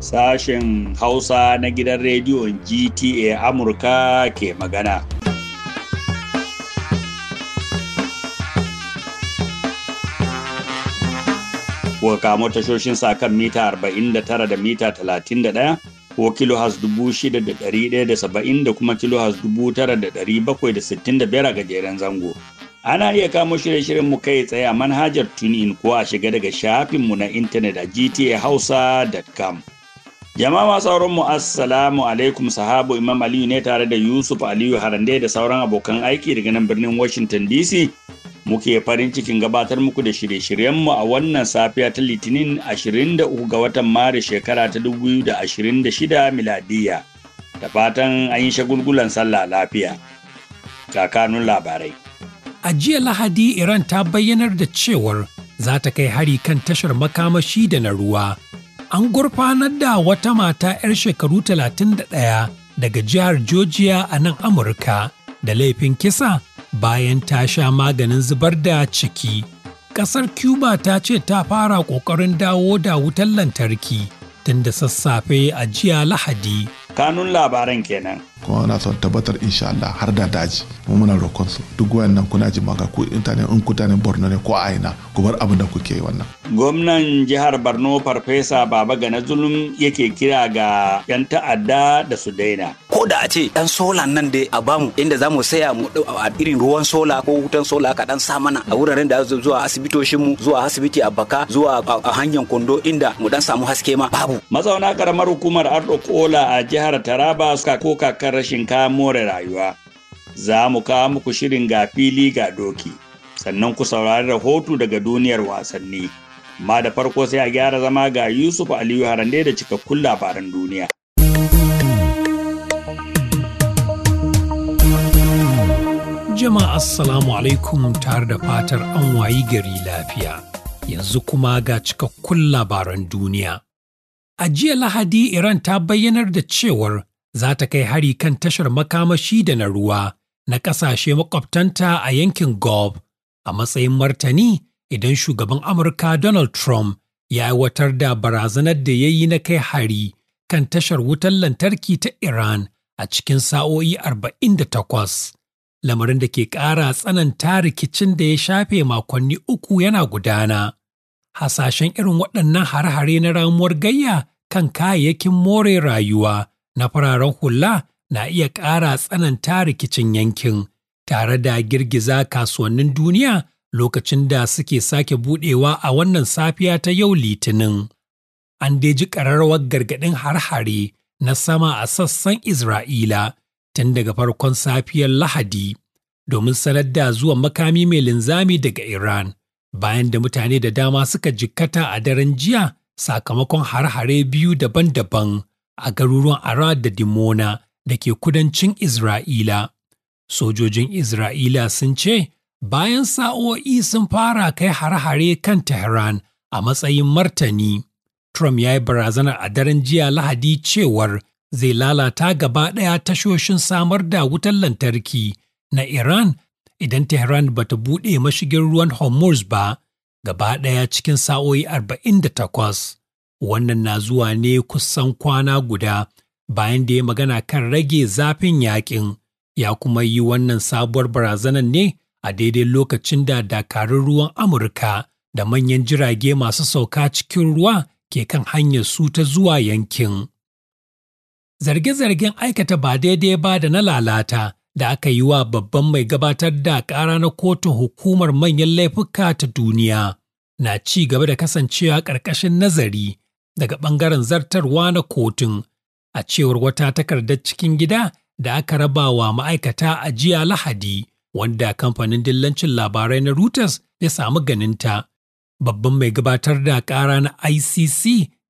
Sashen Hausa na gidan rediyon GTA Amurka ke magana. Kuka kamo tashoshin sa kan mita 49 da mita 31 ko kilo dubu 6,170 da kuma kilo kilohas 9,765 a gajeren zango. Ana iya kamo shirye-shiryen mu kai tsaye a manhajar TuneIn ko a shiga daga shafinmu na intanet a gtahausa.com. Jama'a masu sauran mu assalamu alaikum sahabu Imam Aliyu ne tare da Yusuf Aliyu Harande da sauran abokan aiki daga nan birnin Washington DC. Muke farin cikin gabatar muku da shirye shiryen mu a wannan safiya ta Litinin 23 ga watan Maris shekara ta 2026 miladiya. Da fatan an yi shagulgulan sallah lafiya. Kakanun labarai. A jiya Lahadi Iran ta bayyanar da cewar za ta kai hari kan tashar makamashi da na ruwa. An gurfanar da wata mata 'yar shekaru 31 daga jihar Georgia a nan Amurka da laifin kisa bayan ta sha maganin zubar da ciki. Ƙasar Cuba ta ce ta fara ƙoƙarin dawo da wutar lantarki tun da sassafe a jiya Lahadi. Kanun labaran kenan. kuma ana son tabbatar insha Allah har da daji mu muna roƙon su duk wayannan kuna ji maga ku intanet in kutanen Borno ne ko a ina ku bar abin da kuke wannan gwamnan jihar Borno farfesa Baba Gana Zulum yake kira ga yan ta'adda da su daina ko da a ce dan sola nan da a bamu inda zamu saya mu a irin ruwan sola ko wutan sola ka dan sa mana a wuraren da zuwa asibitoshin mu zuwa asibiti a Baka zuwa a hanyar Kondo inda mu dan samu haske ma babu mazauna karamar hukumar Ardo Kola a jihar Taraba suka koka kan rashin kayan more rayuwa. Za mu kawo muku shirin ga fili ga doki, sannan ku saurari rahoto daga duniyar wasanni. ma da farko sai a gyara zama ga Yusuf Aliyu Harande da cikakkun labaran duniya. Jama'a Assalamu alaikum tare da fatar an wayi gari lafiya. Yanzu kuma ga cikakkun labaran duniya. A jiya Lahadi Iran ta bayyanar da cewar za ta kai hari kan tashar makamashi da na ruwa na ƙasashe makwabtanta a yankin Gov. a matsayin martani idan shugaban Amurka Donald Trump ya aiwatar da barazanar da ya yi na kai hari kan tashar wutar lantarki ta Iran a cikin sa'o'i takwas. Lamarin da ke ƙara tsananta rikicin da ya shafe makonni uku yana gudana. Hasashen irin waɗannan hare-hare na ramuwar gayya kan kayayyakin more rayuwa na fararen hula na iya ƙara tsananta rikicin yankin tare da girgiza kasuwannin duniya lokacin da suke sake buɗewa a wannan safiya ta yau litinin. An deji ƙararrawar gargaɗin har-hare na sama a sassan Isra'ila tun daga farkon safiyar Lahadi domin sanar da zuwan makami mai linzami daga Iran bayan da mutane da dama suka jikkata a daren jiya sakamakon har-hare biyu daban-daban a garuruwan Arad da Dimona da ke kudancin Isra'ila. Sojojin Isra'ila sun ce bayan sa'o'i sun fara kai hare-hare kan Tehran a matsayin martani. Trump ya yi barazanar a daren jiya Lahadi cewar zai lalata gaba ɗaya tashoshin samar da wutar lantarki na Iran idan Tehran ba ta buɗe mashigin ruwan Hormuz ba gaba ɗaya cikin sa'o'i 48. Wannan na zuwa ne kusan kwana guda bayan da ya magana kan rage zafin yakin, ya kuma yi wannan sabuwar barazanar ne a daidai lokacin da dakarun ruwan Amurka da manyan jirage masu sauka cikin ruwa ke kan hanyar su ta zuwa yankin. Zarge-zargen aikata ba daidai ba da na lalata da aka yi wa babban mai gabatar da ƙara na kotun hukumar manyan laifuka ta duniya na ci gaba da kasancewa ƙarƙashin nazari daga ɓangaren zartarwa na kotun a cewar wata takardar cikin gida da aka raba wa ma'aikata a jiya lahadi wanda kamfanin dillancin labarai na Reuters ya samu ganinta. Babban mai gabatar da ƙara na ICC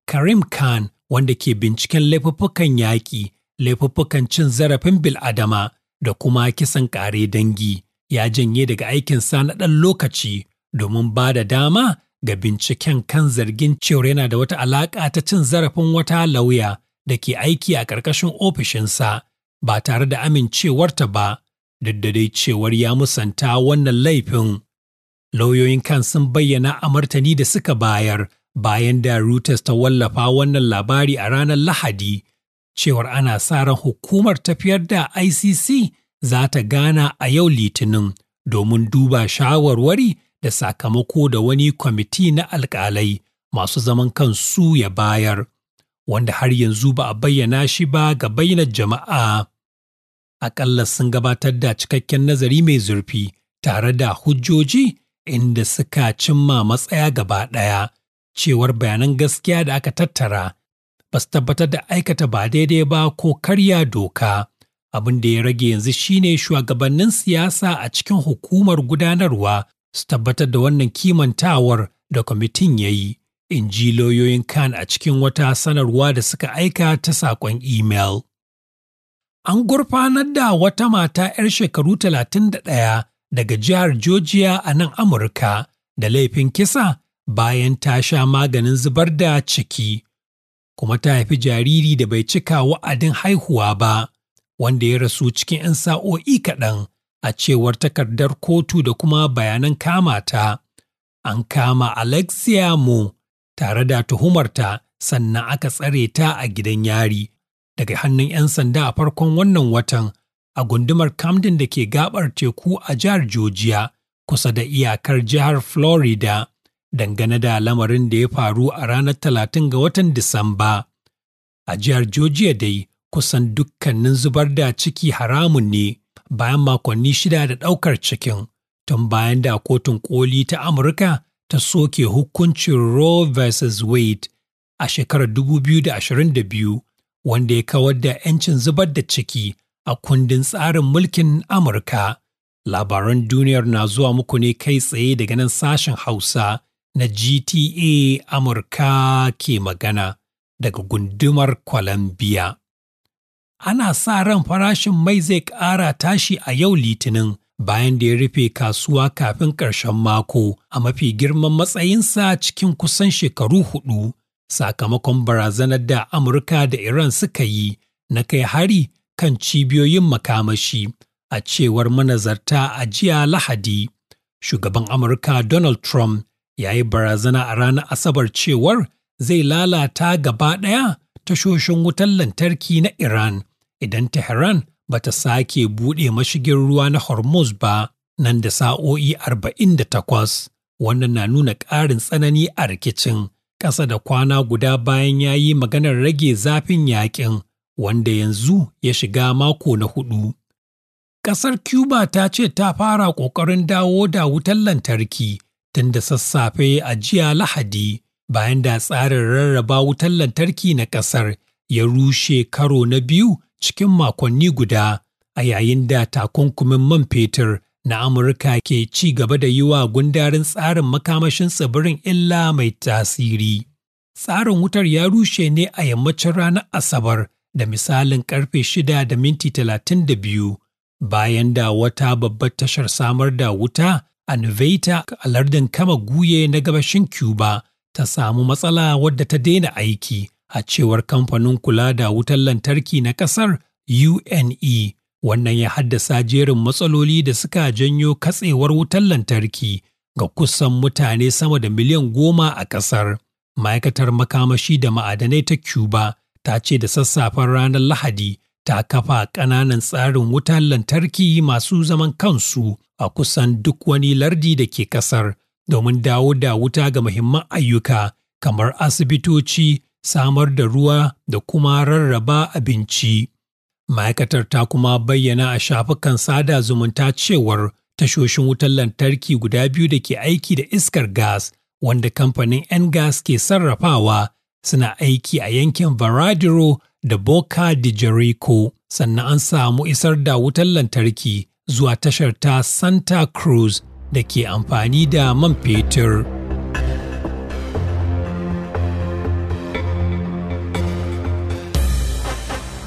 Karim Khan wanda ke binciken laifuffukan yaƙi, laifuffukan cin zarafin bil'adama da kuma kisan ƙare dangi ya janye daga aikinsa na ɗan lokaci domin ba da dama ga binciken kan zargin cewar yana da wata alaƙa ta cin zarafin wata lauya da ke aiki a ƙarƙashin ofishinsa ba tare da amincewarta ba, duk da dai cewar ya musanta wannan laifin. Lauyoyin kan sun bayyana a martani da suka bayar bayan da Reuters ta wallafa wannan labari a ranar Lahadi, cewar ana sa ran hukumar tafiyar da ICC za ta gana a yau Litinin domin duba shawarwari da sakamako da wani kwamiti na alƙalai, masu zaman kansu ya bayar, wanda har yanzu ba a bayyana shi ba ga bayyanar jama'a. Aƙalla sun gabatar da cikakken nazari mai zurfi tare da hujjoji inda suka cimma matsaya gaba ɗaya, cewar bayanan gaskiya da aka tattara ba su tabbatar da aikata ba daidai ba ko karya doka. Abin da ya rage yanzu shine shugabannin siyasa a cikin hukumar gudanarwa su tabbatar da wannan kimantawar da kwamitin ya yi in ji lauyoyin kan a cikin wata sanarwa da suka aika ta saƙon imel. An gurfanar da wata mata 'yar shekaru talatin da ɗaya daga jihar Georgia a nan Amurka da laifin kisa bayan ta sha maganin zubar da ciki, kuma ta haifi jariri da bai cika wa'adin haihuwa ba, wanda ya rasu cikin 'yan sa'o'i kaɗan a cewar takardar kotu da kuma bayanan kamata, An kama Alexia Mo tare da tuhumarta sannan aka tsare ta a gidan yari daga hannun 'yan sanda a farkon wannan watan a gundumar Camden da ke gabar teku a jihar Georgia kusa da iyakar jihar Florida dangane da lamarin da ya faru a ranar talatin ga watan Disamba. A jihar Georgia dai kusan dukkanin zubar da ciki haramun ne. bayan makonni shida da ɗaukar cikin tun bayan da kotun koli ta Amurka ta soke hukuncin Roe vs. Wade a shekarar 2022 wanda ya kawar da 'yancin zubar da ciki a kundin tsarin mulkin Amurka. Labaran duniyar na zuwa muku ne kai tsaye daga nan sashen Hausa na GTA Amurka ke magana daga gundumar Columbia. ana sa ran farashin mai zai ƙara tashi a yau litinin bayan da ya rufe kasuwa kafin ƙarshen mako a mafi girman matsayinsa cikin kusan shekaru hudu sakamakon barazanar da Amurka da Iran suka yi na kai hari kan cibiyoyin makamashi a cewar manazarta a jiya Lahadi. Shugaban Amurka Donald Trump ya yi barazana a ranar Asabar cewar zai lalata gaba ɗaya tashoshin wutar lantarki na Iran idan Tehran ba ta sake buɗe mashigin ruwa na Hormuz ba nan da sa'o'i arba'in da takwas, Wannan na nuna ƙarin tsanani a rikicin ƙasa da kwana guda bayan ya yi maganar rage zafin yaƙin wanda yanzu ya shiga mako na hudu. Ƙasar Cuba ta ce ta fara ƙoƙarin dawo da wutar lantarki tun da sassafe a jiya Lahadi bayan da tsarin rarraba wutar lantarki na ƙasar ya rushe karo na biyu cikin makonni guda a yayin da takunkumin man fetur na Amurka ke ci gaba da yi wa gundarin tsarin makamashin tsibirin illa mai tasiri. Tsarin wutar ya rushe ne a yammacin ranar Asabar da misalin karfe shida da minti talatin da biyu, bayan da wata babbar tashar samar da wuta a Nuveita a lardin kama guye na gabashin Cuba ta samu matsala wadda ta daina aiki a cewar kamfanin kula da wutar lantarki na ƙasar une wannan ya haddasa jerin matsaloli da suka janyo katsewar wutar lantarki ga kusan mutane sama da miliyan goma a ƙasar ma'aikatar makamashi da ma'adanai ta cuba ta ce da sassafen ranar lahadi ta kafa ƙananan tsarin wutar lantarki masu zaman kansu a kusan duk wani lardi da ke ƙasar domin dawo da wuta ga muhimman ayyuka kamar asibitoci samar da ruwa da kuma rarraba abinci. Ma'aikatar ta kuma bayyana a shafukan sada zumunta cewar tashoshin wutar lantarki guda biyu da ke aiki da iskar gas wanda kamfanin yan gas ke sarrafawa suna aiki a yankin Varadero da Boca de Jericho sannan an samu isar da wutar lantarki zuwa tashar ta Santa Cruz da ke amfani da man fetur.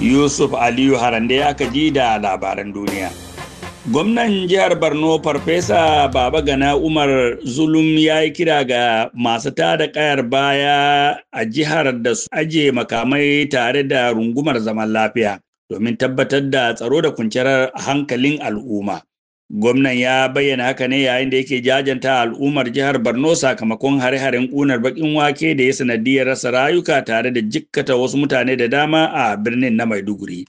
yusuf aliyu harande aka ji da labaran duniya gwamnan jihar borno farfesa baba gana umar zulum ya yi kira ga masu tada kayar baya a jihar da su aje makamai tare da rungumar zaman lafiya domin tabbatar da tsaro da kwanciyar hankalin al'umma Gwamnan ya bayyana haka ne yayin da yake jajanta al'ummar jihar Borno sakamakon hare-haren ƙunar baƙin wake da ya sanadiyar rasa rayuka tare da jikkata wasu mutane da dama a birnin na Maiduguri.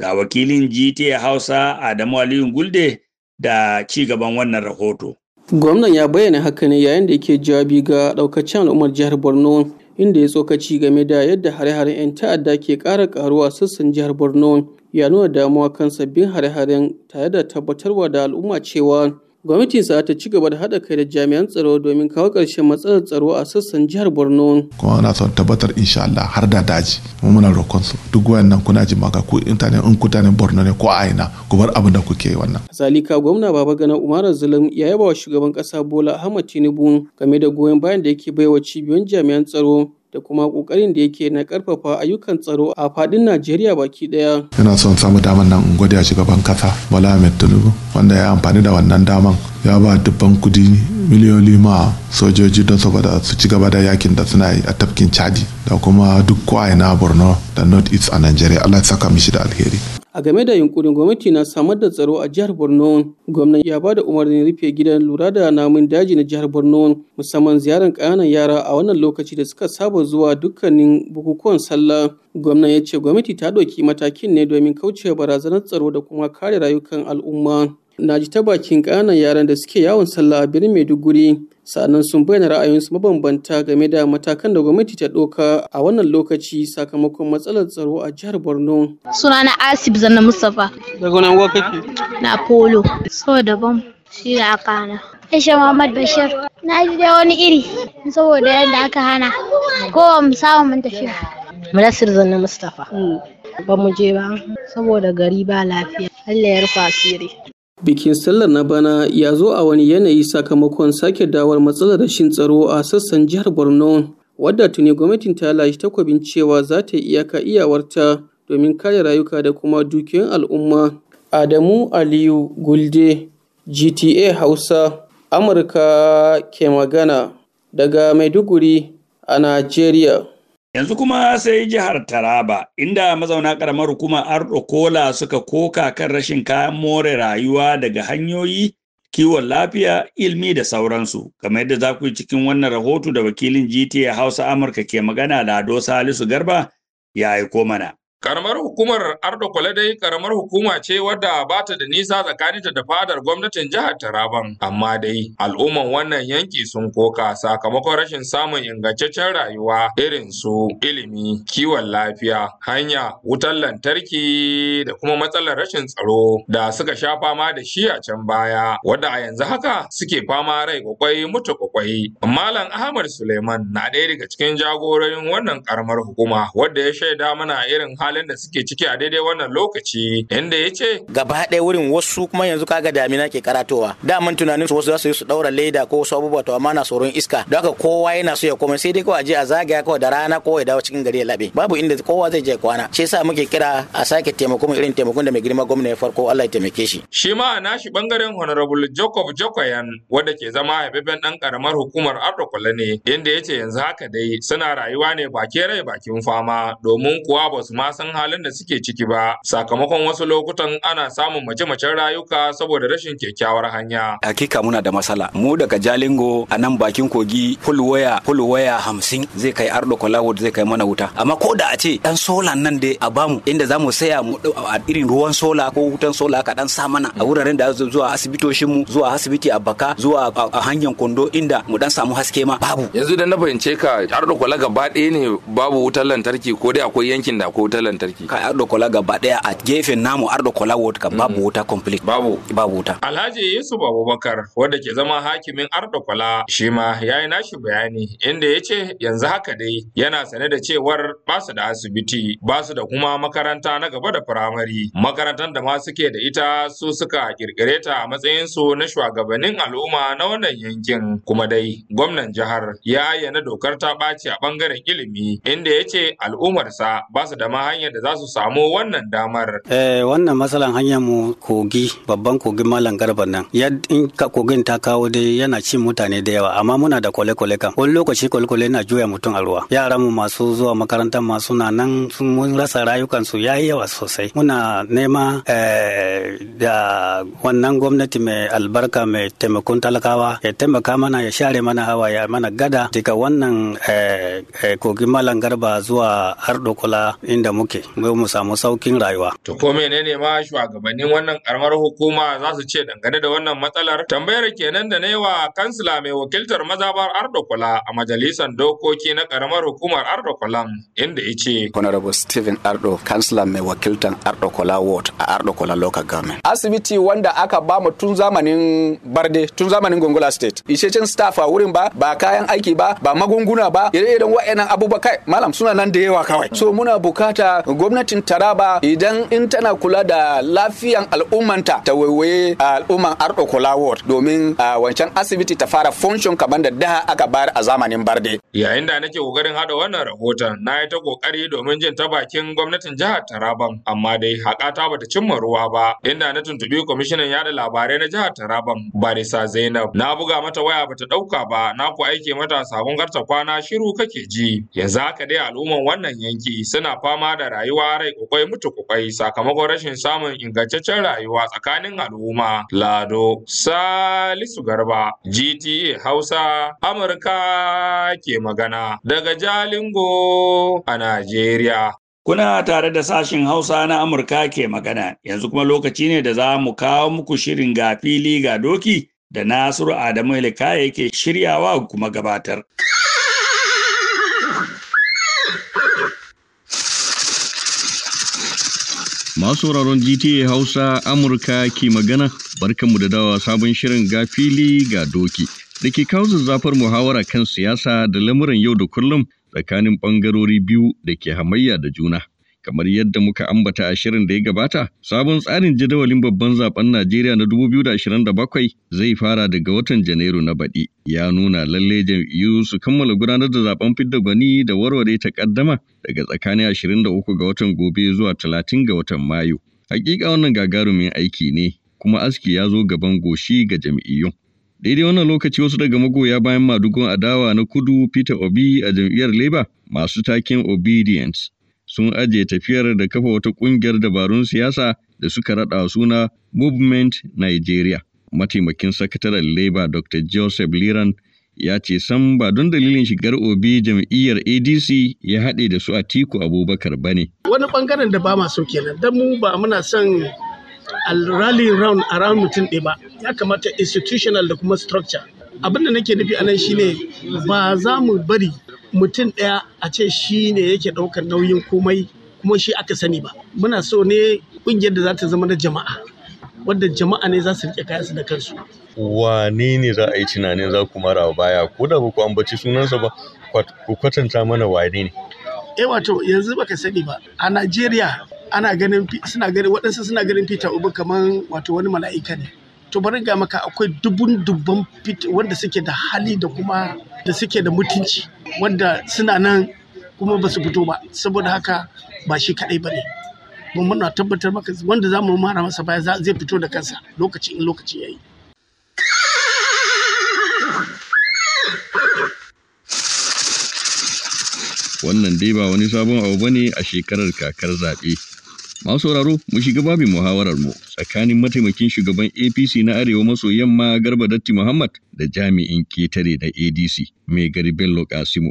Ga wakilin GTA Hausa Adamu Aliyu Gulde da ci gaban wannan rahoto. Gwamnan ya bayyana haka ne yayin da yake jawabi ga ɗaukacin al'ummar jihar Borno inda ya tsokaci game da yadda hare-haren 'yan ta'adda ke ƙara ƙaruwa sassan jihar borno ya nuna damuwa kan sabbin hare-haren tare da tabbatarwa da al'umma cewa gwamnatin sa ta ci gaba da haɗa kai da jami'an tsaro domin kawo ƙarshen matsalar tsaro a sassan jihar borno kuma ana son tabbatar insha Allah har da daji mu muna roƙon su duk wayannan kuna ji maka ku intanet in kutanen borno ne ko a ina ku bar abin da kuke wannan zalika gwamna baba gana umar zulum ya yaba wa shugaban ƙasa bola ahmad tinubu game da goyon bayan da yake baiwa cibiyoyin jami'an tsaro da kuma kokarin da yake na karfafa ayyukan tsaro a faɗin Najeriya baki ɗaya. Ina son samu damar nan in gode a shugaban kasa Bola Ahmed Tinubu wanda ya amfani da wannan daman ya ba dubban kudi miliyoyi ma sojoji don saboda su ci gaba da yakin da suna yi a tafkin Chadi da kuma duk kwaya na Borno da North East a Najeriya. Allah ya saka mishi da alheri. a game da yunkurin gwamnati na samar da tsaro a jihar borno gwamnan ya ba da umarnin rufe gidan lura da namun daji na jihar borno musamman ziyarar ƙananan yara a wannan lokaci da suka saba zuwa dukkanin bukukuwan sallah gwamnan ya ce gwamnati ta ɗauki matakin ne domin kaucewa barazanar tsaro da kuma kare rayukan al'umma na ji ta bakin ƙananan yaran da suke yawon sallah a birnin maiduguri sannan sun bayyana ra'ayinsu mabambanta game da matakan da gwamnati ta ɗauka a wannan lokaci sakamakon matsalar tsaro a jihar borno sunana asif zanna mustapha daga wani anguwa kake na polo so daban shi da kana aisha muhammad bashir na ji dai wani iri saboda yadda aka hana ko mu samu mun tafiya mulasir zanna mustapha hmm. ba mu je ba saboda gari ba lafiya Allah ya rufa asiri. Bikin sallar na bana ya zo a wani yanayi sakamakon sake dawar matsalar rashin tsaro a sassan jihar Borno, wadda tuni gwamnatin ta lashe takwabin cewa za ta iyaka iyawarta domin kare rayuka da kuma dukiyoyin al'umma. Adamu Aliyu Gulde, GTA Hausa, Amurka ke magana daga Maiduguri a Najeriya. Yanzu kuma sai jihar Taraba, inda mazauna ƙaramar hukumar Ardo Kola suka koka kan rashin kayan more rayuwa daga hanyoyi, kiwon lafiya, ilmi da sauransu. Kamar yadda za ku yi cikin wannan rahoto da wakilin GTA Hausa Amurka ke magana da Ado Salisu Garba ya aiko mana. Karamar hukumar Ardo dai karamar hukuma ce wadda ba ta da nisa tsakaninta da fadar gwamnatin jihar Taraban. Amma dai al'umman wannan yanki sun koka sakamakon rashin samun ingantaccen rayuwa irin su ilimi, kiwon lafiya, hanya, wutar lantarki da kuma matsalar rashin tsaro da suka sha fama da shi a can baya wadda a yanzu haka suke fama rai kwakwai mutu kwakwai. Malam Ahmad Suleiman na ɗaya daga cikin jagororin wannan karamar hukuma wadda ya shaida mana irin halin da suke ciki a daidai wannan lokaci inda ya ce gaba ɗaya wurin wasu kuma yanzu kaga damina ke karatowa daman tunanin su wasu za su yi su ɗaura leda ko wasu abubuwa to amma na tsoron iska don haka kowa yana so ya koma sai dai kawai je a zagaya kawai da rana ko ya dawo cikin gari ya labe babu inda kowa zai je kwana shi yasa muke kira a sake taimako taimakon irin taimakon da mai girma gwamna ya farko Allah ya taimake shi shi ma a shi bangaren honorable Jacob Jokoyan wanda ke zama haifafen dan karamar hukumar Ardokola ne inda ya ce yanzu haka dai suna rayuwa ne bakin rai bakin fama domin kuwa ba su ma san halin da suke ciki ba sakamakon wasu lokutan ana samun mace-macen rayuka saboda rashin kyakkyawar hanya hakika muna da matsala mu daga jalingo a nan bakin kogi fulwaya fulwaya hamsin zai kai ardo kolawod zai kai mana wuta amma ko da a ce dan sola nan dai a bamu inda zamu saya mu a irin ruwan sola ko wutan sola ka dan sa mana a wuraren da zuwa asibitoshin mu zuwa asibiti a baka zuwa a hanyar kondo inda mu dan samu haske ma babu yanzu da na fahimce ka ardo kola gaba ɗaya ne babu wutar lantarki ko dai akwai yankin da akwai wutar lantarki kai ardo kola gaba daya a gefen namu ardo kola ward ka babu mm. wuta complete babu babu wuta alhaji yusuf abubakar wanda ke zama hakimin ardo kola shi ma yayi nashi bayani inda ya ce yanzu haka dai yana sane da cewar ba su da asibiti ba su da kuma makaranta na gaba da firamare makarantar da ma suke da ita su suka kirkire ta a matsayin su na shugabannin al'umma na wannan yankin kuma dai gwamnan jihar ya ayyana dokar ta ɓaci a bangaren ilimi inda yace ce al'ummarsa ba su da ma hanyar da za su samu wannan damar. Eh, wannan matsalan hanyar mu kogi babban kogin malam garba nan in ka kogin ta kawo dai yana ci mutane da yawa amma muna da kwale-kwale kan wani lokaci kwale-kwale na juya mutum a ruwa yaran mu masu zuwa makaranta masu na nan sun mun rasa rayukansu yayi yawa sosai muna nema eh, da wannan gwamnati mai albarka mai taimakon talakawa ya taimaka mana ya share mana hawa ya mana gada daga wannan eh, eh, kogin malam garba zuwa ardokola inda muke mai mu samu saukin rayuwa. To ko menene ma shugabannin wannan karamar hukuma za su ce dangane da wannan matsalar tambayar kenan da na wa kansila mai wakiltar mazabar Ardokola a majalisar dokoki na karamar hukumar Ardokolan inda ya ce. Honorable Stephen Ardo kansila mai wakiltar Ardokola ward a Ardokola local government. Asibiti wanda aka ba mu tun zamanin Barde tun zamanin Gongola state. Isheshen staff a wurin ba ba kayan aiki ba ba magunguna ba ire-iren wa'annan abubakai. malam suna nan da yawa kawai. So muna bukata gwamnatin taraba idan in tana kula da lafiyan al'ummanta ta waiwaye al'umman ardo kula ward domin wancan asibiti ta fara function kamar da daha aka bayar a zamanin barde yayin da nake kokarin haɗa wannan rahoton na yi ta kokari domin jin ta bakin gwamnatin jihar taraban amma dai ta bata cimma ruwa ba inda na tuntubi kwamishinan yada labarai na jihar taraban barisa zainab na buga mata waya bata dauka ba na ku aike mata sabon karta kwana shiru kake ji yanzu haka dai al'umman wannan yanki suna fama da rayuwa rai kwakwai mutu kwakwai sakamakon rashin samun ingantaccen rayuwa tsakanin al'umma. Lado Salisu Garba GTA Hausa Amurka ke magana daga Jalingo a Najeriya. Kuna tare da sashin Hausa na Amurka ke magana, yanzu kuma lokaci ne da za mu kawo muku shirin ga fili ga doki da Nasiru Adamu Ilkaya yake shiryawa kuma gabatar. Masu sauraron GTA Hausa Amurka ke magana barkanmu da dawa sabon shirin ga fili ga doki da ke kawo zazzafar muhawara kan siyasa da lamuran yau da kullum tsakanin ɓangarori biyu da ke hamayya da juna. Kamar yadda muka ambata a shirin da ya gabata, sabon tsarin jadawalin babban zaben Najeriya na 2027 zai fara daga watan Janairu na baɗi. Ya nuna lalle jam'iyyu su kammala gudanar da zaben fidda gwani da warware ta takaddama daga tsakanin 23 ga watan gobe zuwa 30 ga watan Mayu. Hakika wannan gagarumin aiki ne, kuma aski ya zo gaban goshi ga jam'iyyun. daidai wannan lokaci wasu daga magoya bayan madugun adawa na kudu peter obi a jam'iyyar labour masu taken obedience sun ajiye tafiyar da kafa wata ƙungiyar dabarun siyasa da suka raɗa suna Movement Nigeria. Mataimakin sakataren Labour Dr. Joseph Liran ya ce san ba don dalilin shigar obi jam'iyyar adc ya haɗe da su a tiku abubakar ba ne wani ɓangaren da ba masu kenan don mu ba muna son rally round around mutum ɗaya ba ya kamata institutional da kuma structure abin da nake nufi anan shine ba za mu bari mutum ɗaya a ce shi ne yake ɗaukar nauyin komai kuma shi aka sani ba muna so ne ƙungiyar da za ta zama na jama'a wadda jama'a ne za su riƙe kayansu da kansu wane ne za a yi tunanin za ku mara baya ko da ba ku ambaci sunansa ba ku kwatanta mana wane ne eh wato yanzu baka sani ba a Najeriya ana ganin suna ganin waɗansu suna ganin fita ubu kaman wato wani mala'ika ne to bari ga maka akwai dubun dubban wanda suke da hali da kuma da suke da mutunci wadda suna nan kuma ba su fito ba saboda haka ba shi kaɗai ba ne muna tabbatar maka wanda za mu mara masa baya zai fito da kansa lokaci in lokaci ya yi wannan dai ba wani sabon abu ba ne a shekarar kakar zaɓe Masu sauraro mu shiga babin muhawarar mu tsakanin mataimakin shugaban APC na Arewa maso yamma Garba Datti Muhammad da jami'in ketare na ADC mai gari Bello Kasimu.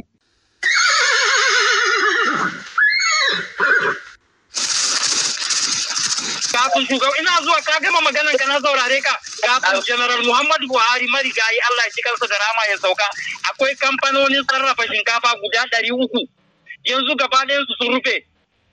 Kafin shugaban ina zuwa ka gama maganan ka na saurare ka kafin General Muhammadu Buhari marigayi Allah ya cikarsa da rama ya sauka akwai kamfanonin sarrafa shinkafa guda ɗari uku yanzu gaba su sun rufe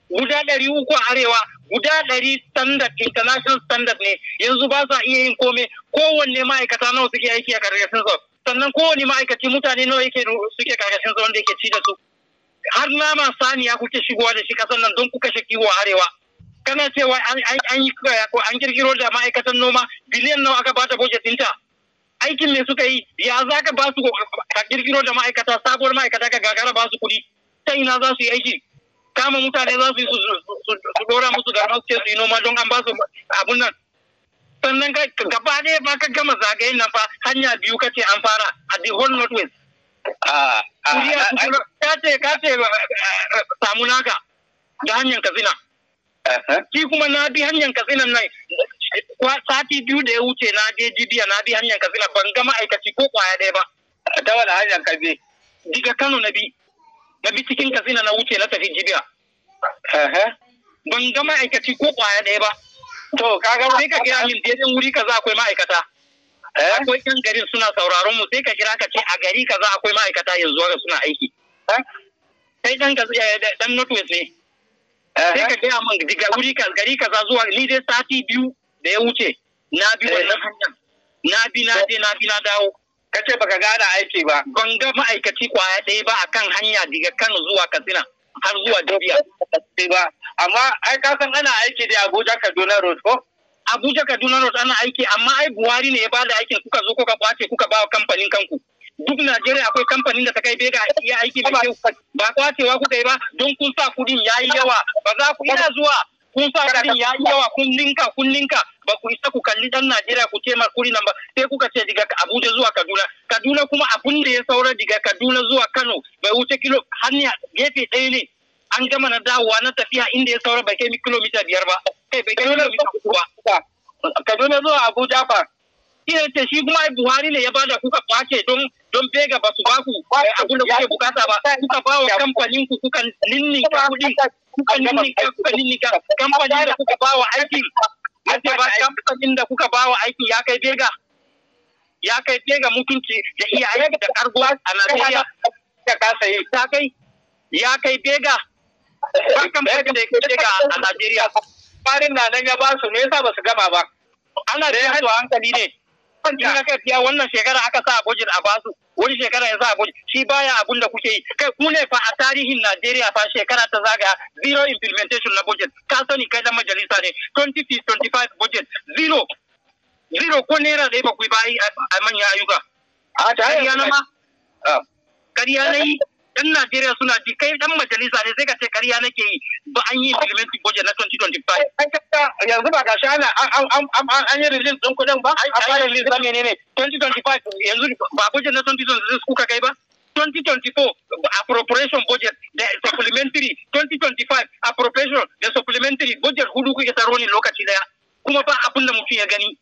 guda ɗari uku a arewa guda ɗari standard international standard ne yanzu ba sa iya yin komai kowanne ma'aikata nawa suke aiki a karkashin sa sannan kowanne ma'aikaci mutane nawa yake suke karkashin sa wanda yake ci da su har nama saniya kuke shigowa da shi kasan nan don ku kashe kiwo arewa kana cewa an yi an kirkiro da ma'aikatan noma biliyan nawa aka bata budget ɗinta aikin ne suka yi ya za ka ba su ka kirkiro da ma'aikata sabuwar ma'aikata ka gagara ba su kuɗi ta ina za su yi aiki kama mutane za su mtu su dora musu da su su yi noma don an ba abun nan sannan gaba ka gama zagayen nan fa hanya biyu kace an fara a the whole northwest ah, ah, ah, ka ce ka ce eh, eh, samu naka da hanyar katsina ki kuma na bi hanyar katsina nan sati biyu da ya wuce na je jibiya na bi hanyar katsina ban gama aikaci ko kwaya ɗaya ba ta wani hanyar kabe diga kano na bi na bi cikin katsina na wuce na tafi jibiya ban ga ma'aikaci ko kwaya ɗaya ba to ga sai ka kira min daidai wuri kaza akwai ma'aikata eh? akwai yan garin suna sauraron mu sai ka kira ka ce a gari kaza akwai ma'aikata yanzu haka suna aiki eh? kai ɗan dan eh, northwest ne sai ka gaya min daga wuri kaza gari kaza zuwa ni dai sati biyu da ya wuce na bi wannan hanyar na bi na je na bi na dawo kace baka gane aiki ba ga ma'aikaci kwaya ɗaya ba akan hanya daga Kano zuwa Katsina har zuwa dubiya ba amma ai ka san ana aiki da Abuja Kaduna Road ko Abuja Kaduna Road ana aiki amma ai Buhari ne ya bada aikin kuka zo kuka kwace kuka ba kamfanin kanku duk Najeriya akwai kamfanin da ta kai bega iya aiki ba kwacewa kuka yi ba don kun sa kudin yayi yawa ba za ku ina zuwa kun sa kudin ya yi yawa kun linka kun linka ba ku isa ku kalli dan Najeriya ku ce kuri nan ba sai kuka ce daga Abuja zuwa Kaduna Kaduna kuma abun da ya saura daga Kaduna zuwa Kano bai wuce kilo hanya gefe ɗaya ne an gama na dawowa na tafiya inda ya saura bai kai kilomita biyar ba kai bai kai kilomita Kaduna zuwa Abuja fa ina ce shi kuma Buhari ne ya bada kuka kwace don don bega ba su ba ku eh, abun da kuke bukata ba kuka ba wa kamfanin ku kuka ninninka kuɗi kamfanin da kuka ba wa aikin nace ba kamfanin da kuka ba wa aikin ya kai bega ya kai bega mutunci da iya aiki da kargo a Najeriya ta kasa yi ta kai ya kai bega ba kamfanin da ya kai bega a Najeriya farin na nan ya ba su me yasa ba su gama ba ana da eh, hankali ne kan jina kai wannan shekara aka sa a budget a basu wani shekara ya za a goji shi baya abun da kuke yi kai ku ne fa a tarihin Najeriya fa shekara ta zagaya zero implementation na budget ka sani kai da majalisa ne 2025 budget zero zero ko naira da ba ku yi a manyan ayyuka. A ta yi ma? Kariya na yi? dan Najeriya suna ji kai dan majalisa ne sai ka ce ƙarya nake yi ba an yi implementing budget na 2025 yanzu ba gashi ana an yi release din kuɗin ba a fara release ba menene 2025 yanzu ba budget na 2026 kuka kai ba 2024 appropriation budget da supplementary 2025 appropriation da supplementary budget hudu kuke taro ne lokaci daya kuma ba abin da mutum ya gani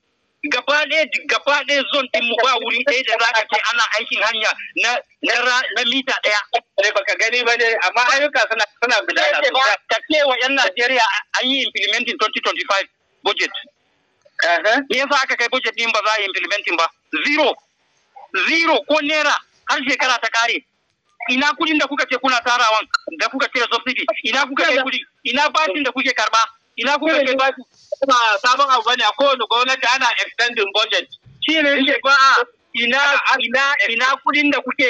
gaba ɗaya zon din mu ba wuri ɗaya da za ka ce ana aikin hanya na na mita ɗaya. Ne eh, baka gani ba ne amma ayyuka suna suna bidana. Ta ce wa 'yan Najeriya an yi implementing 2025 budget. Me yasa aka kai budget din ba za a yi implementing ba? Zero. Zero ko naira har shekara ta kare. Ina kudin da kuka ce kuna tarawan da kuka ce subsidy ina kuka kai kudi ina bashin da kuke karba. ina kuka kai ba ba sabon abu bane a kowane gwamnati ana extending budget shi ne yake ba a ina ina ina kudin da kuke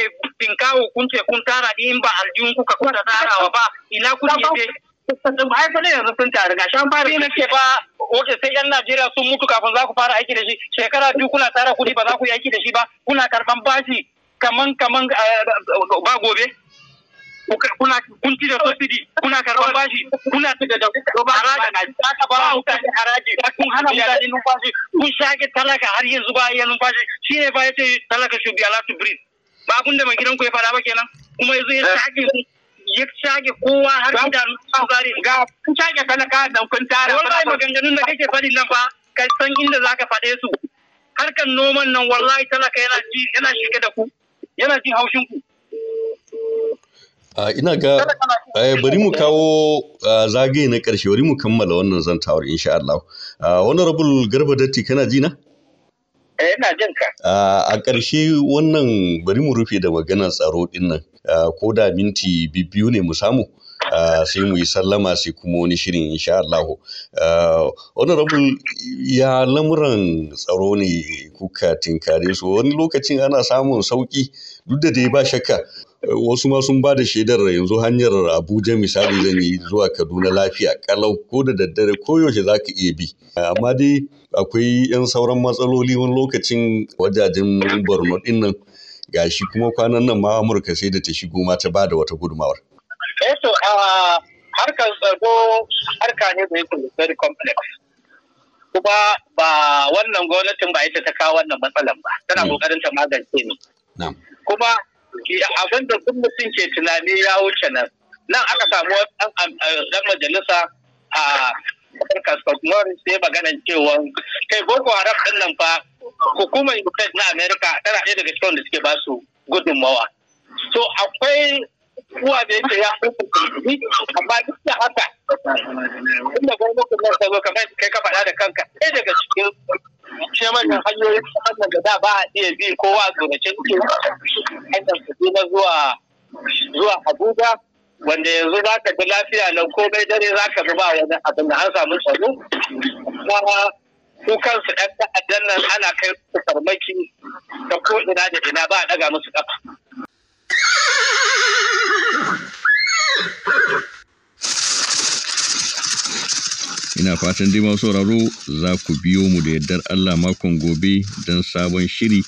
kawo kun ce kun tara in ba aljihun kuka kuka tarawa ba ina kudi yake ai fa ne yanzu sun tare gashi an fara ne ke ba oke sai yan Najeriya sun mutu kafin za ku fara aiki da shi shekara biyu kuna tara kudi ba za ku yi aiki da shi ba kuna karban bashi kaman kaman eh, ba gobe kuna kun ci da subsidy kuna karɓar bashi kuna ci da haraji aka ba mutane haraji kun hana mutane numfashi kun shage talaka har yanzu ba ya numfashi Shi shine ba ce talaka should be allowed to breathe ba da mai gidan ku ya faɗa ba kenan kuma yanzu ya shage ya shage kowa har gida tsari ga kun shage talaka dan kun tara wallahi maganganun da kake faɗi nan fa? ka san inda zaka faɗe su Harkar noman nan wallahi talaka yana ji yana shige da ku yana jin haushin ku ina ga bari mu kawo zagaye na ƙarshe bari mu kammala wannan zantawar insha Allah. Honorable Garba Datti kana ji na? Eh, ina jin ka. A ƙarshe wannan bari mu rufe da maganar tsaro dinnan, nan ko da minti biyu ne mu samu. sai mu yi sallama sai kuma wani shirin insha Allah. Honorable ya lamuran tsaro ne kuka tinkare su wani lokacin ana samun sauƙi duk da dai ba shakka wasu ma sun ba da shaidar yanzu hanyar abuja misali zan yi zuwa kaduna lafiya kalau ko da daddare ko yaushe za ka iya bi amma dai akwai yan sauran matsaloli wani lokacin wajajen borno din nan gashi kuma kwanan nan ma amurka sai da ta shigo ma ta ba da wata gudumawar eh harkar tsaro harka ne da yake very complex kuma ba wannan gwamnatin ba ita ta kawo wannan matsalan ba tana kokarin hmm. ta magance ne kuma abin da duk mutum ke tunani ya wuce nan nan aka samu dan majalisa a Kaskas Morris ya magana cewa kai Boko Haram din nan fa hukumar Ukraine na Amerika tana ɗaya daga cikin da suke ba su gudunmawa. So akwai kuwa da yake ya fi amma duk da haka inda gwamnatin nan ta zo kamar kai ka faɗa da kanka sai daga cikin ce manyan hanyoyin wannan da da ba a iya bi kowa a zonace suke hanyar su na zuwa zuwa abuja wanda yanzu za ka ji lafiya nan komai dare za ka ba wani abin da an samu tsaro kuma su ɗan ta'addan nan ana kai su farmaki ta ko ina da ina ba a ɗaga musu ƙafa Ina fatan dai masu sauraro za ku biyo mu da yardar Allah makon gobe don sabon shiri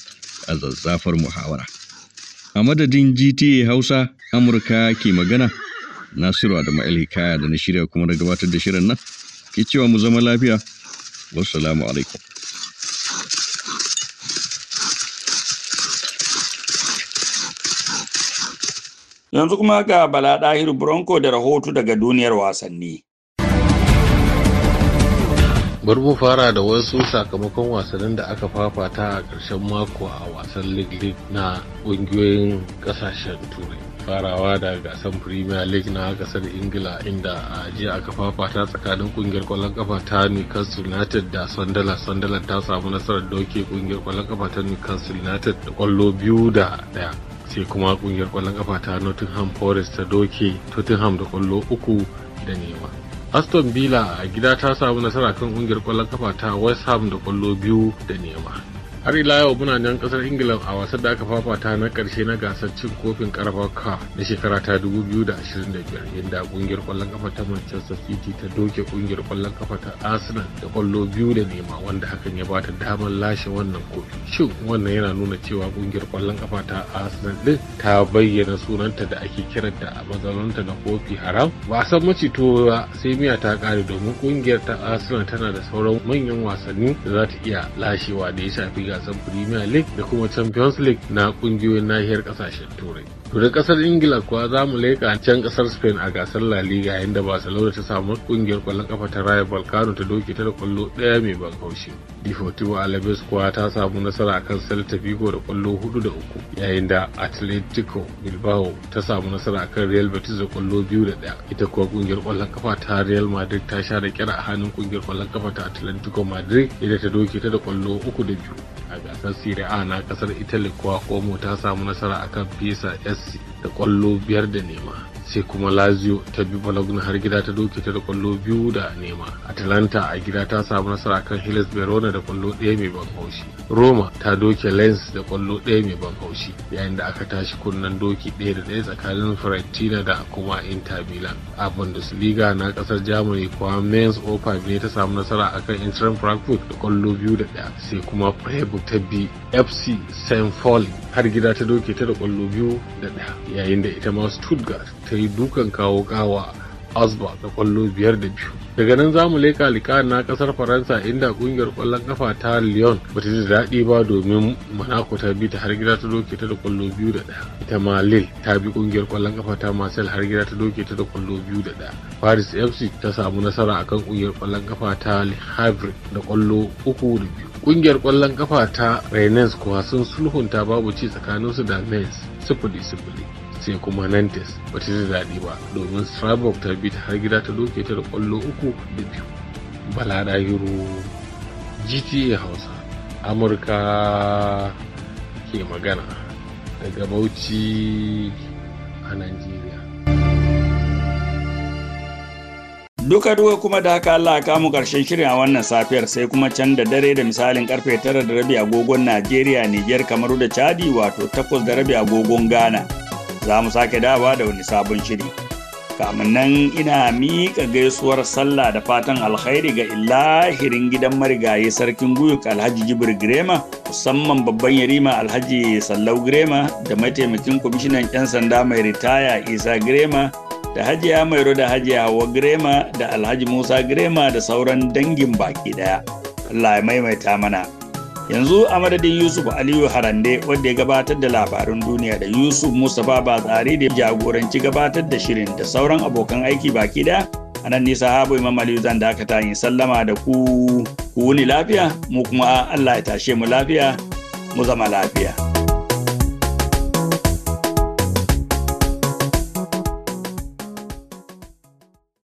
a zazzafar muhawara. A madadin GTA Hausa, Amurka ke magana, Nasiru Adamu Hikaya da na shirya kuma na gabatar da shirin nan, ke cewa mu zama lafiya. salamu alaikum. Yanzu kuma ga Bala Ɗahiru Bronco da rahoto daga duniyar wasanni. bari mu fara da wasu sakamakon wasannin da aka fafata a ƙarshen mako a wasan league na ƙungiyoyin ƙasashen turai farawa da gasar premier league na ƙasar ingila inda a jiya aka fafata tsakanin ƙungiyar ƙwallon ƙafa ta newcastle united da sunderland sunderland ta samu nasarar doke ƙungiyar ƙwallon ƙafa ta newcastle united da ƙwallo biyu da ɗaya sai kuma kungiyar kwallon kafa ta nottingham forest ta doke tottenham da kwallo uku da nema aston villa a gida ta samu nasara kan kungiyar kwallon kafa ta west ham da kwallo biyu da nema har ila yau muna nan kasar ingila a wasan da aka fafata na karshe na gasar cin kofin karfa na shekara ta 2025 inda kungiyar kwallon kafa ta manchester city ta doke kungiyar kwallon kafa ta arsenal da kwallo biyu da nema wanda hakan ya bata damar lashe wannan kofi shin wannan yana nuna cewa kungiyar kwallon kafa ta arsenal din ta bayyana sunanta da ake kiranta a mazalunta na kofi haram ba san ba sai miya ta kare domin kungiyar ta arsenal tana da sauran manyan wasanni da za ta iya lashewa da ya shafi ga. gasar Premier League da kuma Champions League na kungiyoyin nahiyar kasashen Turai. To da kasar Ingila kuwa za mu leƙa can kasar Spain a gasar La Liga yayin da Barcelona ta samu kungiyar kwallon kafa ta Rayo Vallecano ta doke ta da kwallo daya mai ban haushi. Deportivo Alaves kuwa ta samu nasara akan Celta Vigo da kwallo hudu da uku yayin da Atletico Bilbao ta samu nasara akan Real Betis da kwallo biyu da ɗaya. Ita kuwa kungiyar kwallon kafa ta Real Madrid ta sha da kira a hannun kungiyar kwallon kafa ta Atletico Madrid ita ta doke ta da kwallo uku da biyu. A gasar Serie A na kasar Italy kuwa Como ta samu nasara akan Pisa chelsea da kwallo biyar da nema sai kuma lazio ta bi balaguna har gida ta doke ta da kwallo biyu da nema atalanta a gida ta samu nasara kan hillas berona da kwallo ɗaya mai ban haushi roma ta doke lens da kwallo ɗaya mai ban haushi yayin da aka tashi kunnen doki ɗaya da ɗaya tsakanin fiorentina da kuma inter milan a bundesliga na ƙasar germany kuwa mainz opa ne ta samu nasara akan inter frankfurt da kwallo biyu da ɗaya sai kuma freiburg ta bi fc st pauli har gida ta doke ta da kwallo biyu da ɗaya yayin da ita ma stuttgart ta yi dukan kawo kawa asba da kwallo biyar da biyu daga nan za mu leka lika na kasar faransa inda kungiyar kwallon kafa ta lyon ba ta da daɗi ba domin monaco ta bi ta har gida ta doke ta da kwallo biyu da ɗaya ita ma lille ta bi kungiyar kwallon kafa ta marcel har gida ta doke ta da kwallo biyu da ɗaya paris fc ta samu nasara akan kungiyar kwallon kafa ta le havre da kwallo uku da biyu kungiyar kwallon kafa ta rennes kuwa sun sulhunta babu ci tsakaninsu da mens sifili sifili sai kuma nantes ba ta ji ba domin strasbourg ta bi ta har gida ta doke ta da ƙwallo uku da biyu balada ɗahiro gta hausa amurka ke magana daga bauchi a nigeria duka duka kuma da haka Allah ka mu karshen shirin a wannan safiyar sai kuma can da dare da misalin karfe tara da rabi agogon Najeriya, Niger, Kamaru da Chadi wato 8 da rabi agogon Ghana. za mu sake dawa da wani sabon shiri. Kamin nan ina miƙa gaisuwar sallah da fatan alkhairi ga ilahirin gidan marigayi sarkin guyuk alhaji jibir grema musamman babban yarima alhaji sallau grema da mataimakin kwamishinan 'yan sanda mai ritaya isa Girema da hajiya mairo da hajiya hawa Girema da alhaji musa Girema da sauran dangin baki ɗaya. allah ya maimaita mana yanzu a madadin yusuf aliyu harande wanda ya gabatar da labarin duniya da yusuf mustapha ba tsari da jagoranci gabatar da shirin da sauran abokan aiki baki da a nan nisa habu imam aliyu zan dakata yin sallama da ku ku wuni lafiya mu kuma allah ya tashe mu lafiya mu zama lafiya.